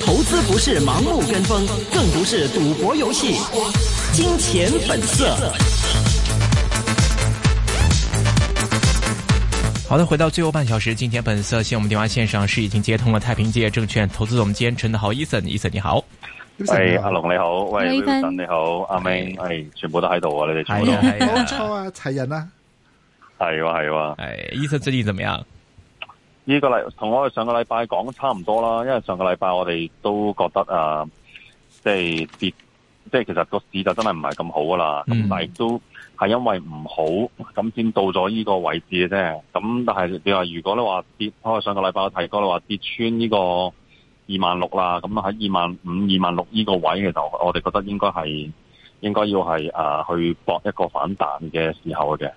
投資不是盲目跟風，更不是賭博遊戲。金錢本色。 好的，回到最後半小時，金錢本色，先我們電話線上是已經接通了，太平街證券投資總監陳德豪，伊森、哎，伊森你好。喂，阿龍你好。喂呀，伊森你好，阿妹，係，全部都喺度啊，你哋全部都喺度啊，齊人啊。係哇，係哇，係。伊森最近怎麼樣？呢個例同我哋上個禮拜講差唔多啦，因為上個禮拜我哋都覺得啊，即係跌，即係其實個市就真係唔係咁好噶啦。咁、嗯、但係都係因為唔好咁先到咗呢個位置嘅啫。咁但係你話如果你話跌，我哋上個禮拜提高，你話跌穿呢個二萬六啦。咁喺二萬五、二萬六呢個位嘅時候，就我哋覺得應該係應該要係啊去搏一個反彈嘅時候嘅，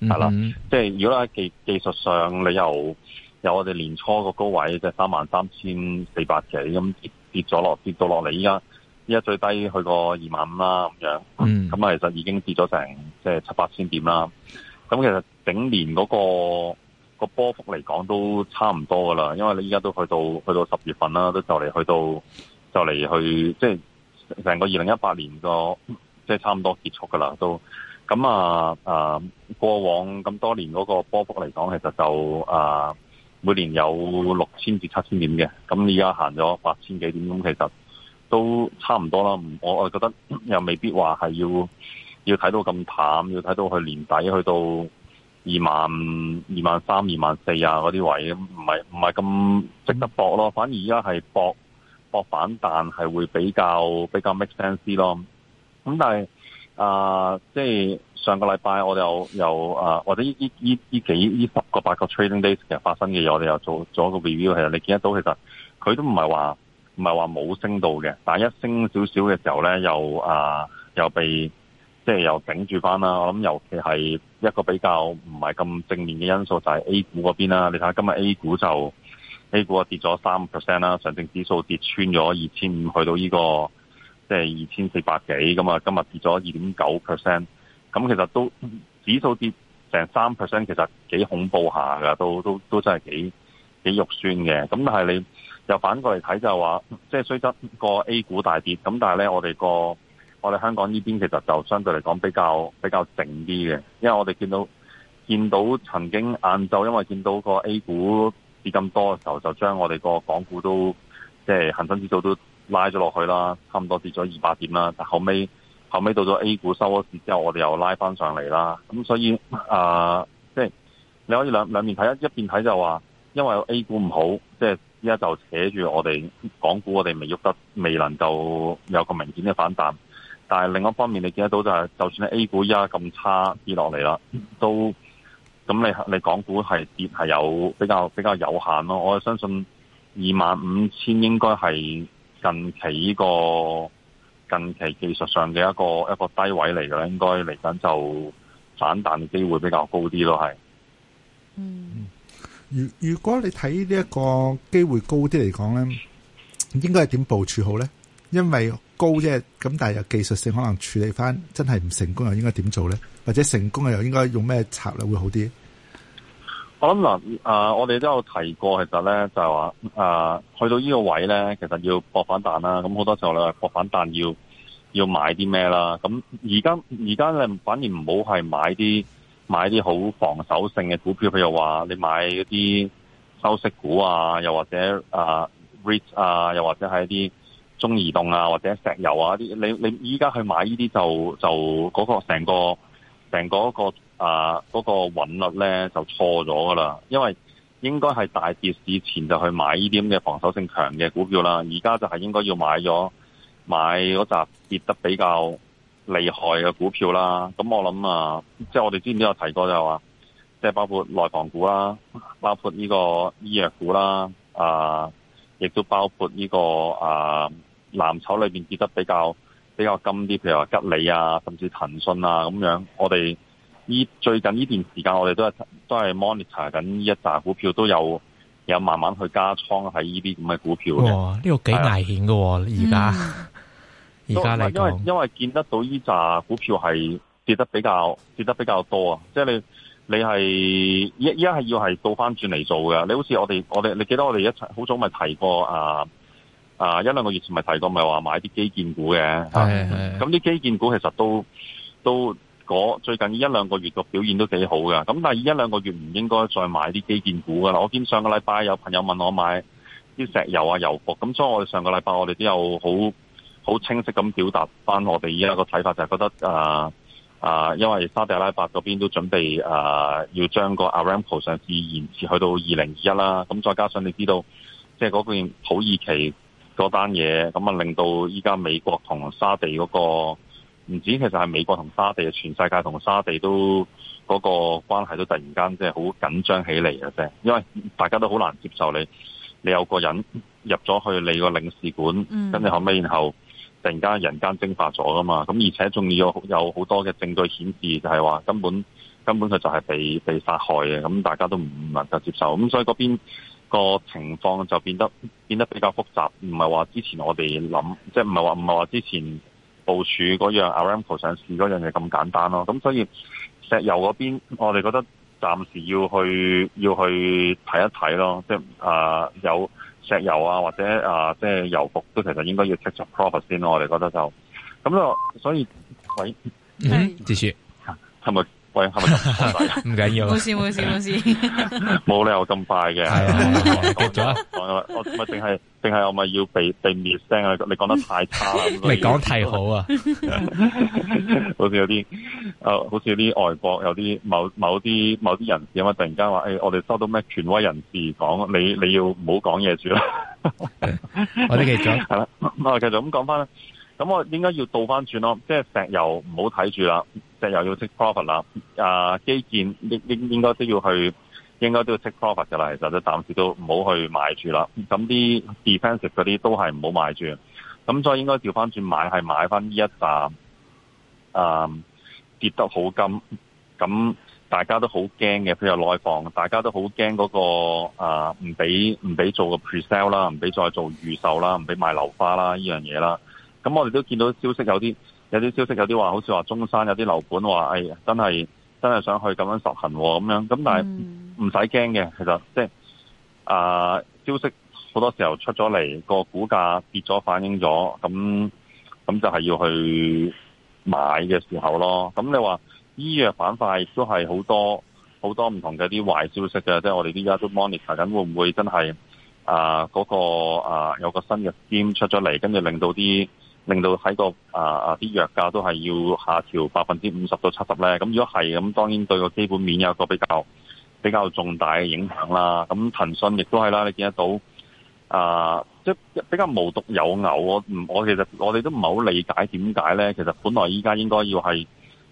係啦。嗯、即係如果喺技技術上你又由我哋年初個高位就三萬三千四百幾咁跌跌咗落跌到落嚟，依家依家最低去個二萬五啦咁樣。嗯。咁啊，其實已經跌咗成即係七八千點啦。咁其實整年嗰個個波幅嚟講都差唔多噶啦，因為你依家都去到去到十月份啦，都就嚟去到就嚟去即係成個二零一八年個即係差唔多結束噶啦都。咁啊啊，過往咁多年嗰個波幅嚟講，其實就啊～每年有六千至七千點嘅，咁而家行咗八千幾點，咁其實都差唔多啦。我我覺得又未必話係要要睇到咁淡，要睇到去年底去到二萬、二萬三二萬四啊嗰啲位，唔係唔係咁值得搏咯。反而而家係搏搏反彈係會比較比較 make sense 咯。咁但係。啊，uh, 即係上個禮拜我哋有有啊，或者呢依依依幾依十個八個 trading days 個 view, 其實發生嘅嘢，我哋又做咗一個 review，係啊，你見得到，其實佢都唔係話唔係話冇升到嘅，但係一升少少嘅時候咧，又啊又被即係又頂住翻啦。我諗尤其係一個比較唔係咁正面嘅因素就係 A 股嗰邊啦。你睇下今日 A 股就 A 股啊跌咗三 percent 啦，上證指數跌穿咗二千五去到呢、這個。即係二千四百幾咁啊，今日跌咗二點九 percent，咁其實都指數跌成三 percent，其實幾恐怖下噶，都都都真係幾幾肉酸嘅。咁但係你又反過嚟睇就話，即係雖則個 A 股大跌，咁但係咧，我哋個我哋香港呢邊其實就相對嚟講比較比較靜啲嘅，因為我哋見到見到曾經晏晝因為見到個 A 股跌咁多嘅時候，就將我哋個港股都即係恒生指數都。拉咗落去啦，差唔多跌咗二百點啦。但後尾後尾到咗 A 股收咗市之後，我哋又拉翻上嚟啦。咁所以啊，即、呃、係、就是、你可以兩兩面睇，一一邊睇就話，因為 A 股唔好，即係依家就扯住我哋港股，我哋未喐得，未能夠有個明顯嘅反彈。但係另一方面，你見得到就係、是，就算你 A 股依家咁差跌落嚟啦，都咁你你港股係跌係有比較比較有限咯。我相信二萬五千應該係。近期呢、呢個近期技術上嘅一個一個低位嚟嘅咧，應該嚟緊就反彈嘅機會比較高啲咯，係嗯。如如果你睇呢一個機會高啲嚟講咧，應該係點部署好咧？因為高啫，咁但係又技術性可能處理翻真係唔成功，又應該點做咧？或者成功啊，又應該用咩策略會好啲？我諗嗱，啊、呃，我哋都有提過，其實咧就話、是，啊、呃，去到呢個位咧，其實要搏反彈啦。咁好多時候你咧，搏反彈要要買啲咩啦？咁而家而家咧反而唔好係買啲買啲好防守性嘅股票，譬如話你買一啲收息股啊，又或者 REIT 啊，瑞、呃、啊，又或者係一啲中移動啊，或者石油啊啲。你你依家去買呢啲就就嗰個成個成嗰個。啊！嗰、那個韻律咧就錯咗噶啦，因為應該係大跌之前就去買呢啲咁嘅防守性強嘅股票啦。而家就係應該要買咗買嗰紮跌得比較厲害嘅股票啦。咁我諗啊，即、就、係、是、我哋之前都有提過就係話，即、就、係、是、包括內房股啦，包括呢個醫藥股啦，啊，亦都包括呢、這個啊藍籌裏邊跌得比較比較金啲，譬如話吉利啊，甚至騰訊啊咁樣，我哋。最近呢段時間，我哋都係都係 monitor 緊呢一扎股票，都有有慢慢去加倉喺呢啲咁嘅股票嘅。哇，呢個幾危險噶而家而家因為因為見得到呢扎股票係跌得比較跌得比較多啊！即係你你係依家係要係倒翻轉嚟做嘅。你好似我哋我哋你記得我哋一齊好早咪提過啊啊一兩個月前咪提過，咪話買啲基建股嘅。係咁啲基建股其實都都。都都我最近一兩個月個表現都幾好㗎，咁但係一兩個月唔應該再買啲基建股㗎啦。我見上個禮拜有朋友問我買啲石油啊、油服，咁所以我哋上個禮拜我哋都有好好清晰咁表達翻我哋而家個睇法，就係、是、覺得啊，誒、呃呃，因為沙地阿拉伯嗰邊都準備誒、呃、要將個 Aramco 上市延遲去到二零二一啦，咁再加上你知道即係嗰邊土耳其嗰單嘢，咁啊令到依家美國同沙地嗰、那個。唔止，其實係美國同沙地，全世界同沙地都嗰個關係都突然間即係好緊張起嚟嘅啫。因為大家都好難接受你，你有個人入咗去你個領事館，跟住後尾然後突然間人間蒸發咗噶嘛。咁而且仲要有好多嘅證據顯示，就係話根本根本佢就係被被殺害嘅。咁大家都唔能夠接受。咁所以嗰邊個情況就變得變得比較複雜，唔係話之前我哋諗，即係唔係話唔係話之前。部署嗰樣 Aramco 上市樣嘢咁簡單咯，咁所以石油邊，我哋覺得暫時要去要去睇一睇咯，即係啊、呃、有石油啊或者啊、呃、即係油服都其實應該要 take some profit 先咯，我哋覺得就咁咯，所以喂， 嗯，繼續，係咪？ 喂，係咪咁快？唔緊要，冇 事冇沒事冇事，冇理由咁快嘅。講咗，講咗、呃欸，我咪定係定係，我咪要避避滅聲啊！你講得太差啦，你講太好啊，好似有啲誒，好似有啲外國有啲某某啲某啲人士啊突然間話誒，我哋收到咩權威人士講你你要唔好講嘢住啦。我哋繼續，係啦，咁我繼續咁講翻啦。咁我應該要倒翻轉咯，即係石油唔好睇住啦。即係又要 take profit 啦，啊基建應應應該都要去，應該都要 take profit 嘅啦。其實都暫時都唔好去買住啦。咁啲 defensive 嗰啲都係唔好買住。咁所以應該調翻轉買係買翻呢一啖，啊跌得好勁，咁大家都好驚嘅。譬如內房，大家都好驚嗰個啊唔俾唔俾做個 pre-sell 啦，唔俾再做預售啦，唔俾賣樓花啦呢樣嘢啦。咁我哋都見到消息有啲。有啲消息，有啲話好似話中山有啲樓盤話，誒、哎、真係真係想去咁樣實行喎、啊，咁樣咁但係唔使驚嘅，其實即係啊消息好多時候出咗嚟，個股價跌咗反映咗，咁咁就係要去買嘅時候咯。咁你話醫藥板塊都係好多好多唔同嘅啲壞消息嘅，即係我哋依家都 monitor 緊，會唔會真係啊嗰、那個啊有個新嘅 a 謠出咗嚟，跟住令到啲。令到喺、這個啊啊啲藥價都係要下調百分之五十到七十咧，咁如果係咁，當然對個基本面有一個比較比較重大嘅影響啦。咁騰訊亦都係啦，你見得到啊，即、呃、係、就是、比較無獨有偶。我唔，我其實我哋都唔係好理解點解咧。其實本來依家應該要係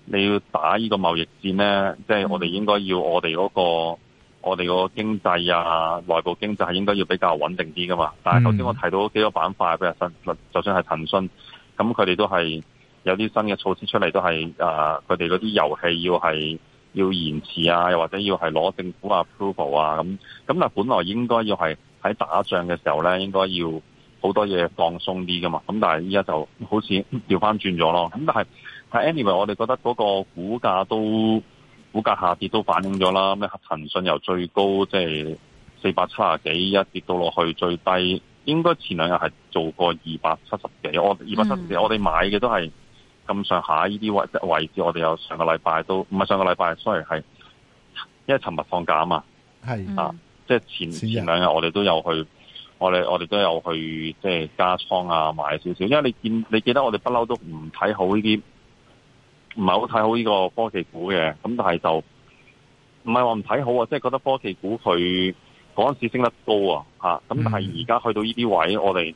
你要打呢個貿易戰咧，即、就、係、是、我哋應該要我哋嗰、那個，我哋個經濟啊，內部經濟係應該要比較穩定啲噶嘛。但係頭先我提到幾個板塊，譬如騰，就算係騰訊，咁佢哋都係有啲新嘅措施出嚟，都係誒，佢哋嗰啲遊戲要係要延遲啊，又或者要係攞政府 appro 啊 approval 啊咁。咁、嗯、但係本來應該要係喺打仗嘅時候咧，應該要好多嘢放鬆啲噶嘛。咁但係依家就好似調翻轉咗咯。咁但係喺 anyway，我哋覺得嗰個股價都。股價下跌都反映咗啦，咩騰訊由最高即係四百七啊幾一跌到落去最低，應該前兩日係做過二百七十幾，我二百七十幾，嗯、我哋買嘅都係咁上下呢啲位，就是，位置，我哋有上個禮拜都唔係上個禮拜，sorry，係因為尋日放假啊嘛，係是啊，嗯、即係前前兩日我哋都有去，我哋我哋都有去即係，就是，加倉啊，買少少，因為你見你記得我哋不嬲都唔睇好呢啲。唔係好睇好呢個科技股嘅，咁但係就唔係話唔睇好啊，即係覺得科技股佢嗰陣時升得高啊，吓咁，但係而家去到呢啲位，我哋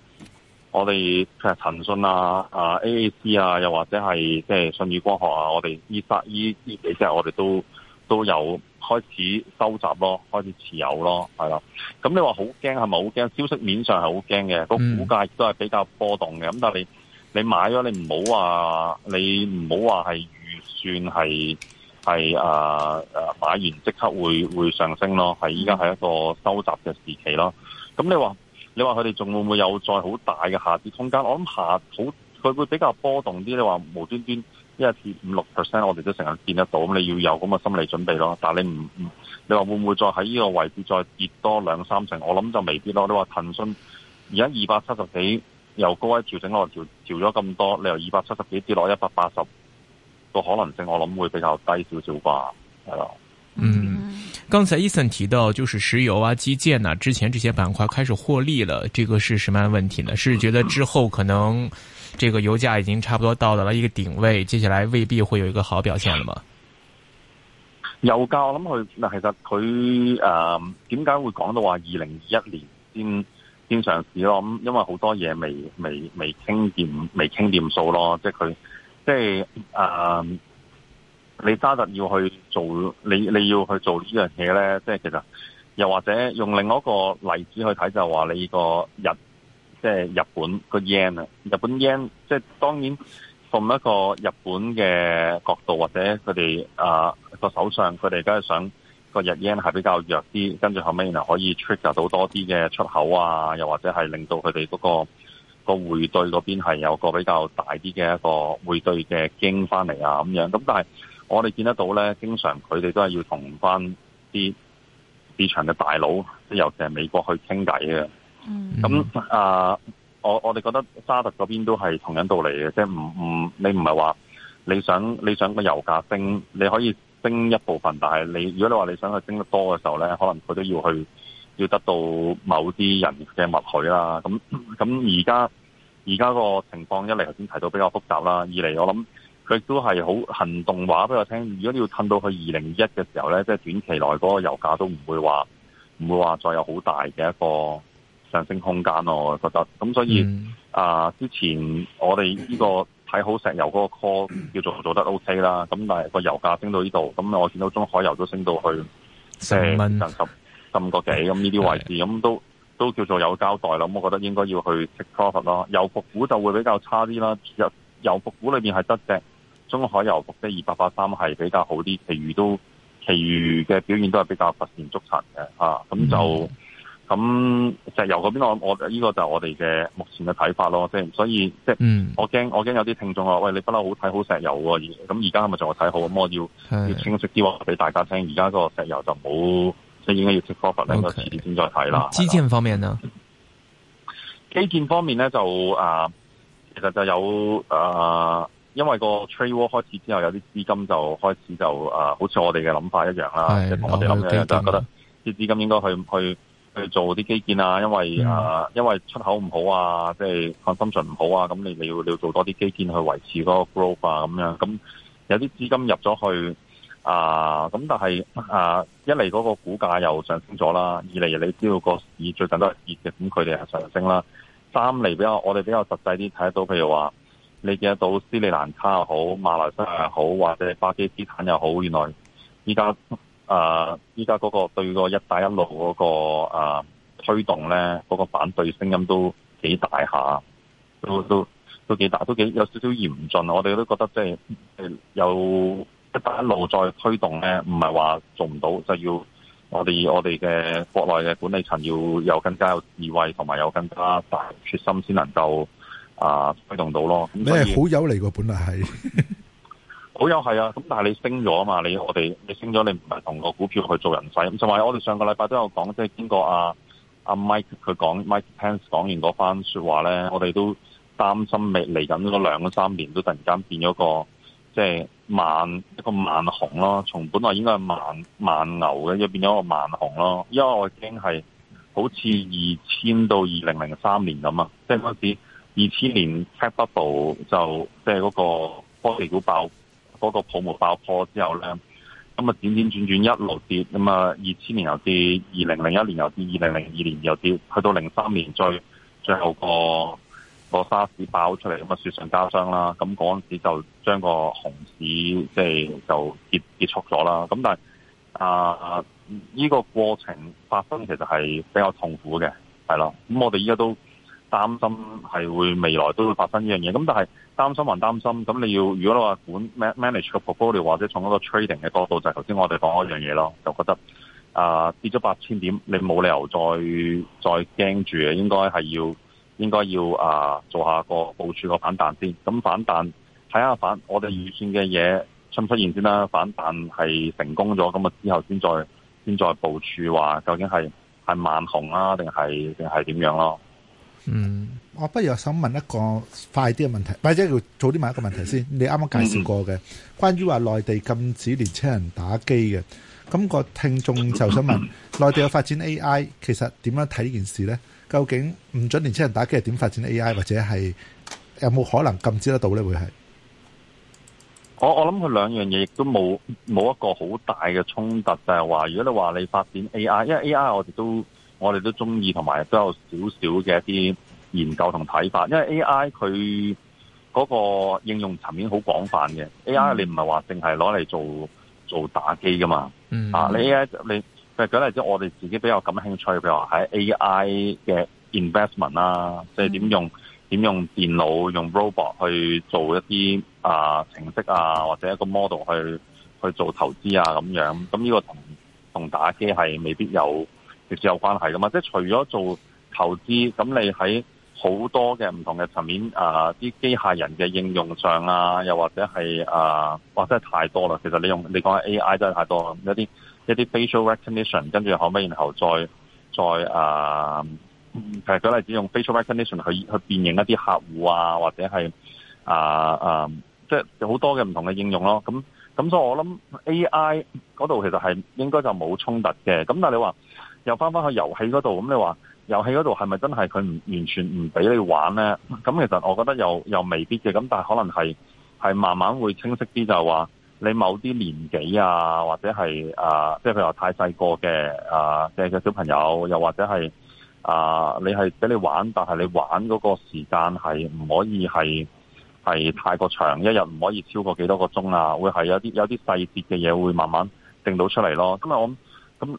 我哋譬如騰訊啊、啊 A A C 啊，又或者係即係舜宇光學啊，我哋依三依依幾隻，我哋都都有開始收集咯，開始持有咯，係啦。咁你話好驚，係咪好驚？消息面上係好驚嘅，個股價亦都係比較波動嘅，咁但係你。你買咗，你唔好話，你唔好話係預算係係誒誒買完即刻會會上升咯，係依家係一個收集嘅時期咯。咁、嗯、你話你話佢哋仲會唔會有再好大嘅下跌空間？我諗下好，佢會比較波動啲。你話無端端一日跌五六 percent，我哋都成日見得到。咁你要有咁嘅心理準備咯。但係你唔唔，你話會唔會再喺呢個位置再跌多兩三成？我諗就未必咯。你話騰訊而家二百七十幾？由高位調整我調調咗咁多，你由二百七十幾跌落一百八十，個可能性我諗會比較低少少吧，係咯、mm。Hmm. 嗯，剛才 Eason 提到，就是石油啊、基建啊，之前這些板塊開始獲利了，這個是什麼樣問題呢？是覺得之後可能這個油價已經差不多到達了一個頂位，接下來未必會有一個好表現了嗎？油價我諗佢嗱，其實佢誒，點、呃、解會講到話二零二一年先？經常試咯，咁因為好多嘢未未未傾掂，未傾掂數咯，即係佢，即係誒、呃，你渣特要去做，你你要去做呢樣嘢咧，即係其實又或者用另一個例子去睇，就話、是、你個日，即係日本個 yen 啊，日本 yen，即係當然從一個日本嘅角度或者佢哋誒個首相，佢哋梗係想。個日圓係比較弱啲，跟住後尾可以 trigger 到多啲嘅出口啊，又或者係令到佢哋嗰個、嗰個匯兌嗰邊係有個比較大啲嘅一個匯兌嘅經翻嚟啊咁樣。咁但係我哋見得到呢，經常佢哋都係要同翻啲市場嘅大佬，即係尤其係美國去傾偈嘅。咁啊、mm hmm. uh，我我哋覺得沙特嗰邊都係同樣道理嘅，即係唔唔，你唔係話你想你想個油價升，你可以。升一部分，但係你如果你話你想去升得多嘅時候咧，可能佢都要去要得到某啲人嘅默許啦。咁咁而家而家個情況一嚟頭先提到比較複雜啦，二嚟我諗佢亦都係好行動話俾我聽。如果你要趁到去二零二一嘅時候咧，即係短期內嗰個油價都唔會話唔會話再有好大嘅一個上升空間咯。我覺得咁所以啊，之前我哋呢個。睇好石油嗰個 call 叫做做得 O、okay、K 啦，咁但係個油價升到呢度，咁我見到中海油都升到去四蚊十文、呃、十,十五個幾，咁呢啲位置，咁 都都叫做有交代啦。咁我覺得應該要去 take profit 啦，油服股就會比較差啲啦，油油服股裏邊係得只中海油服啫二八八三係比較好啲，其餘都其餘嘅表現都係比較乏善足陳嘅啊，咁就。 咁石油嗰邊我我依、這個就我哋嘅目前嘅睇法咯，即係所以即係、嗯、我驚我驚有啲聽眾話，喂你不嬲好睇好石油喎、啊，咁而家係咪仲睇好？咁我要是要清晰啲話俾大家聽，而家個石油就冇，即係應該要 take profit，遲啲先再睇啦。基建方面呢，基建方面咧就啊、呃，其實就有啊、呃，因為個 trade war 開始之後，有啲資金就開始就啊、呃，好似我哋嘅諗法一樣啦，即係同我哋諗嘅就覺得啲資金應該去去。是去做啲基建啊，因為啊、呃，因為出口唔好啊，即係信心上唔好啊，咁你你要你要做多啲基建去維持嗰個 growth 啊，咁樣，咁有啲資金入咗去啊，咁、呃、但係啊、呃，一嚟嗰個股價又上升咗啦，二嚟你知道個市最近都係熱嘅，咁佢哋係上升啦，三嚟比較我哋比較實際啲睇得到，譬如話你見得到斯里蘭卡又好，馬來西亞又好，或者巴基斯坦又好，原來依家。啊！依家嗰個對個一帶一路嗰、那個啊、呃、推動咧，嗰、那個反對聲音都幾大下，都都都幾大，都幾有少少嚴峻。我哋都覺得即、就、係、是，有、呃、一帶一路再推動咧，唔係話做唔到，就要我哋我哋嘅國內嘅管理層要有更加有智慧，同埋有更加大決心，先能夠啊推動到咯。你係好友嚟，個本嚟係。 好有係啊，咁但係你升咗啊嘛？你我哋你升咗，你唔係同個股票去做人仔。咁就話、是、我哋上個禮拜都有講，即、就、係、是、經過阿、啊、阿、啊、Mike 佢講 Mike Pence 講完嗰番說話咧，我哋都擔心未嚟緊嗰兩三年都突然間變咗個即係萬一個萬、就是、熊咯。從本來應該係萬萬牛嘅，又變咗個萬熊咯。因為我已經係好似二千到二零零三年咁啊，即係嗰時二千年 Tech Bubble 就即係嗰個科技股爆。嗰個泡沫爆破之後咧，咁啊，轉轉轉轉一路跌，咁啊，二千年又至二零零一年又至二零零二年又跌，去到零三年最最後個個沙士爆出嚟，咁啊，雪上加霜啦。咁嗰陣時就將個熊市即係、就是、就結結束咗啦。咁但係啊，依、呃呢個過程發生其實係比較痛苦嘅，係咯。咁我哋依家都擔心係會未來都會發生依樣嘢。咁但係。擔心還擔心，咁你要如果你話管 manage 個 portfolio 或者從嗰個 trading 嘅角度，就係頭先我哋講嗰樣嘢咯，就覺得啊、呃、跌咗八千點，你冇理由再再驚住嘅，應該係要應該要啊、呃、做下個部署個反彈先。咁、嗯、反彈睇下反我哋預算嘅嘢出唔出現先啦。反彈係成功咗，咁啊之後先再先再部署話究竟係係慢熊啊，定係定係點樣咯？嗯，mm. 我不如我想問一個快啲嘅問題，或者要早啲問一個問題先。你啱啱介紹過嘅，mm. 關於話內地禁止年青人打機嘅，咁個聽眾就想問：內、mm. 地有發展 AI，其實點樣睇呢件事呢？究竟唔准年青人打機，係點發展 AI，或者係有冇可能禁止得到呢？會係我我諗佢兩樣嘢，亦都冇冇一個好大嘅衝突，就係話如果你話你發展 AI，因為 AI 我哋都。我哋都中意同埋都有少少嘅一啲研究同睇法，因為 A.I. 佢個應用層面好廣泛嘅。嗯、A.I. 你唔係話淨係攞嚟做做打機噶嘛？嗯、啊，你 A.I. 你，即係舉例子，我哋自己比較感興趣，譬如話喺 A.I. 嘅 investment 啊、嗯，即係點用點用電腦用 robot 去做一啲啊、呃、程式啊，或者一個 model 去去做投資啊咁樣。咁、嗯、呢、呢個同同打機係未必有。有關係噶嘛？即係除咗做投資，咁你喺好多嘅唔同嘅層面誒，啲、啊、機械人嘅應用上啊，又或者係誒、啊，哇，真係太多啦！其實你用你講下 A I 真係太多啦，一啲一啲 facial recognition，跟住後屘然後再再誒、啊，其實舉例子用 facial recognition 去去辨認一啲客戶啊，或者係誒誒，即係好多嘅唔同嘅應用咯。咁咁，所以我諗 A I 嗰度其實係應該就冇衝突嘅。咁但係你話？又翻翻去遊戲嗰度，咁你話遊戲嗰度係咪真係佢唔完全唔俾你玩呢？咁其實我覺得又又未必嘅，咁但係可能係係慢慢會清晰啲，就話你某啲年紀啊，或者係啊，即係譬如話太細個嘅啊嘅嘅小朋友，又或者係啊、呃，你係俾你玩，但係你玩嗰個時間係唔可以係係太過長，一日唔可以超過幾多個鐘啊，會係有啲有啲細節嘅嘢會慢慢定到出嚟咯。咁啊，我諗。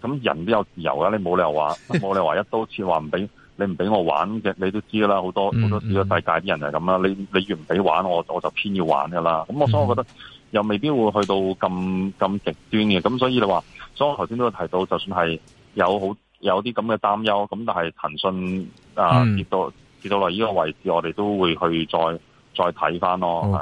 咁人都有自由噶，你冇理由話冇理由話一刀切話唔俾你唔俾我玩嘅，你都知啦。好多好多呢個世界啲人係咁啦。你你越唔俾玩，我我就偏要玩噶啦。咁 所以我覺得又未必會去到咁咁極端嘅。咁所以你話，所以我頭先都提到，就算係有好有啲咁嘅擔憂，咁但係騰訊啊跌到跌到落呢個位置，我哋都會去再再睇翻。咯。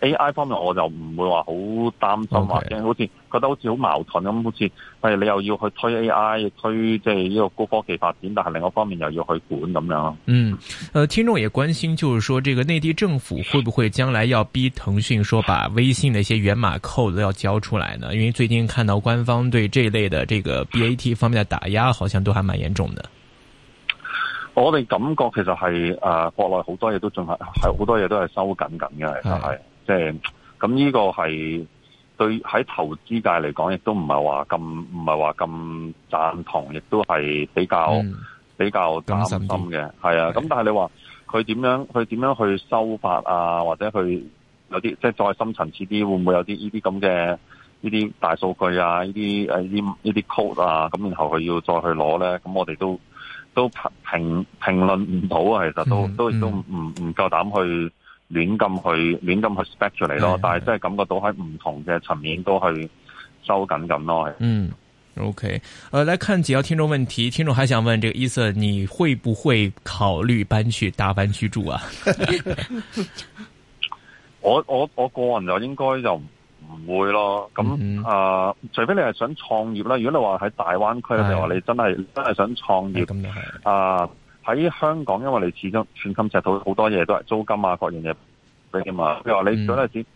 A.I. 方面我就唔會話好擔心，或者 Okay. 好似覺得好似好矛盾咁，好似係你又要去推 A.I. 推即係呢個高科技發展，但係另外一方面又要去管咁樣。嗯，誒、呃，聽眾也關心，就是說，這個內地政府會不會將來要逼騰訊說把微信的一些源碼 code 都要交出來呢？因為最近看到官方對這類的這個 B.A.T. 方面嘅打壓，好像都還蠻嚴重的。 我哋感覺其實係誒、呃，國內好多嘢都進行係好多嘢都係收緊緊嘅，係。 即係咁，呢個係對喺投資界嚟講，亦都唔係話咁唔係話咁贊同，亦都係比較、嗯、比較擔心嘅。係、嗯、啊，咁、嗯、但係你話佢點樣佢點樣去修法啊，或者佢有啲即係再深層次啲，會唔會有啲呢啲咁嘅呢啲大數據啊，呢啲誒呢呢啲 code 啊，咁然後佢要再去攞咧，咁我哋都都評評論唔到啊，其實都都都唔唔夠膽去。嗯嗯嗯亂咁去亂咁去 spec 出嚟咯，但係真係感覺到喺唔同嘅層面都去收緊緊咯。嗯，OK、呃。誒，嚟看幾條聽眾問題，聽眾還想問，這個 Isa，你會不會考慮搬去大灣區住啊？ 我我我個人就應該就唔會咯。咁啊、呃，除非你係想創業啦。如果你話喺大灣區咧，譬如話你真係真係想創業咁，就係啊。喺香港，因為你始終寸金尺土，好多嘢都係租金啊，各樣嘢俾嘅嘛。譬如話，你嗰陣時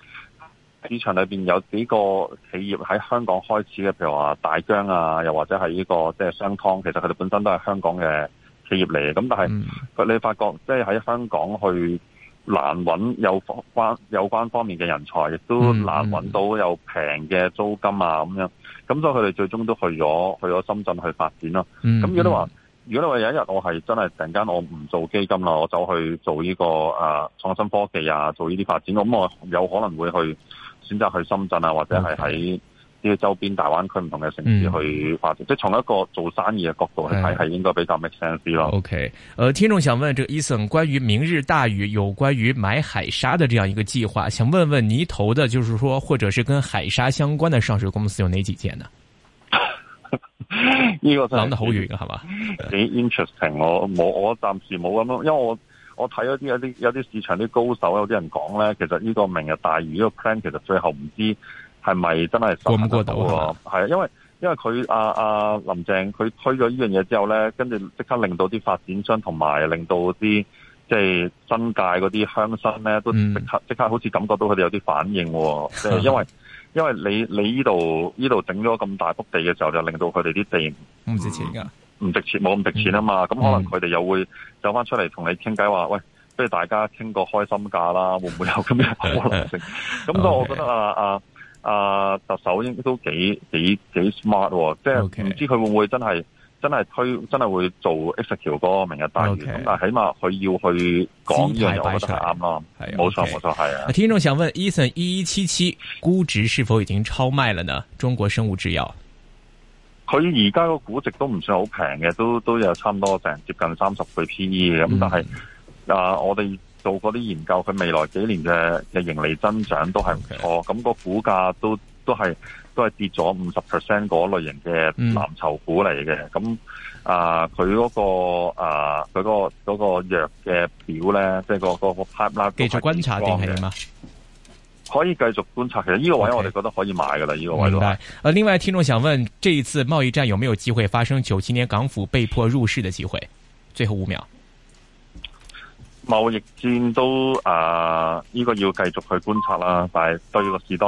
市場裏邊有幾個企業喺香港開始嘅，譬如話大疆啊，又或者係呢、這個即係商湯，其實佢哋本身都係香港嘅企業嚟嘅。咁但係、嗯、你發覺，即係喺香港去難揾有關有關，有關方面嘅人才，亦都難揾到又平嘅租金啊咁樣。咁所以佢哋最終都去咗去咗深圳去發展囉。咁如果話，嗯嗯如果你話有一日我係真係突然間我唔做基金啦，我走去做呢、這個誒、呃、創新科技啊，做呢啲發展，咁我有可能會去選擇去深圳啊，或者係喺呢個周邊大灣區唔同嘅城市去發展。Okay. 即係從一個做生意嘅角度去，去睇、嗯，係應該比較 make sense 啲咯。OK，誒、呃，聽眾想問，這個、Eason 關於明日大嶼有關於買海沙的這樣一個計劃，想問問泥頭的，就是說，或者是跟海沙相關的上市公司有哪幾間呢？呢 個真係諗得好遠㗎，係嘛？幾 interesting！我我我暫時冇咁樣，因為我我睇咗啲有啲有啲市場啲高手有啲人講咧，其實呢個明日大嶼呢、這個 plan 其實最後唔知係咪真係過唔過到啊？係啊，因為因為佢阿阿林鄭佢推咗呢樣嘢之後咧，跟住即刻令到啲發展商同埋令到啲即係新界嗰啲鄉紳咧，都即刻即、嗯、刻好似感覺到佢哋有啲反應、哦，即、就、係、是、因為。 因為你你呢度呢度整咗咁大幅地嘅時候，就令到佢哋啲地唔值錢噶，唔、嗯、值錢冇咁值錢啊嘛。咁、嗯、可能佢哋又會走翻出嚟同你傾偈，話喂不如大家傾個開心價啦，會唔會有咁嘅可能性？咁所以我覺得啊啊啊特首應該都幾幾幾,幾 smart，即係唔知佢會唔會真係。Okay. 嗯嗯嗯嗯真係推，真係會做 XQ 嗰個明日大嶼。咁 Okay. 但係起碼佢要去講樣嘢，我覺得係啱咯。係冇錯冇錯係啊！聽眾想問：Eason 一一七七估值是否已經超賣了呢？中國生物製藥，佢而家個估值都唔算好平嘅，都都有差唔多成接近三十倍 PE 嘅、嗯。咁但係啊、呃，我哋做過啲研究，佢未來幾年嘅嘅盈利增長都係唔錯，咁 Okay. 個股價都都係。都係跌咗五十 percent 嗰類型嘅藍籌股嚟嘅，咁、嗯、啊，佢嗰、那個啊，嗰、那個、那個弱嘅、那個、表咧，即係個個個派啦，繼續觀察定係點，可以繼續觀察。其實呢個位我哋覺得可以買噶啦，呢 Okay. 個位、啊。另外，聽眾想問：這一次貿易戰有冇有機會發生九七年港府被迫入市嘅機會？最後五秒，貿易戰都啊，呢、這個要繼續去觀察啦，但係都要個適當。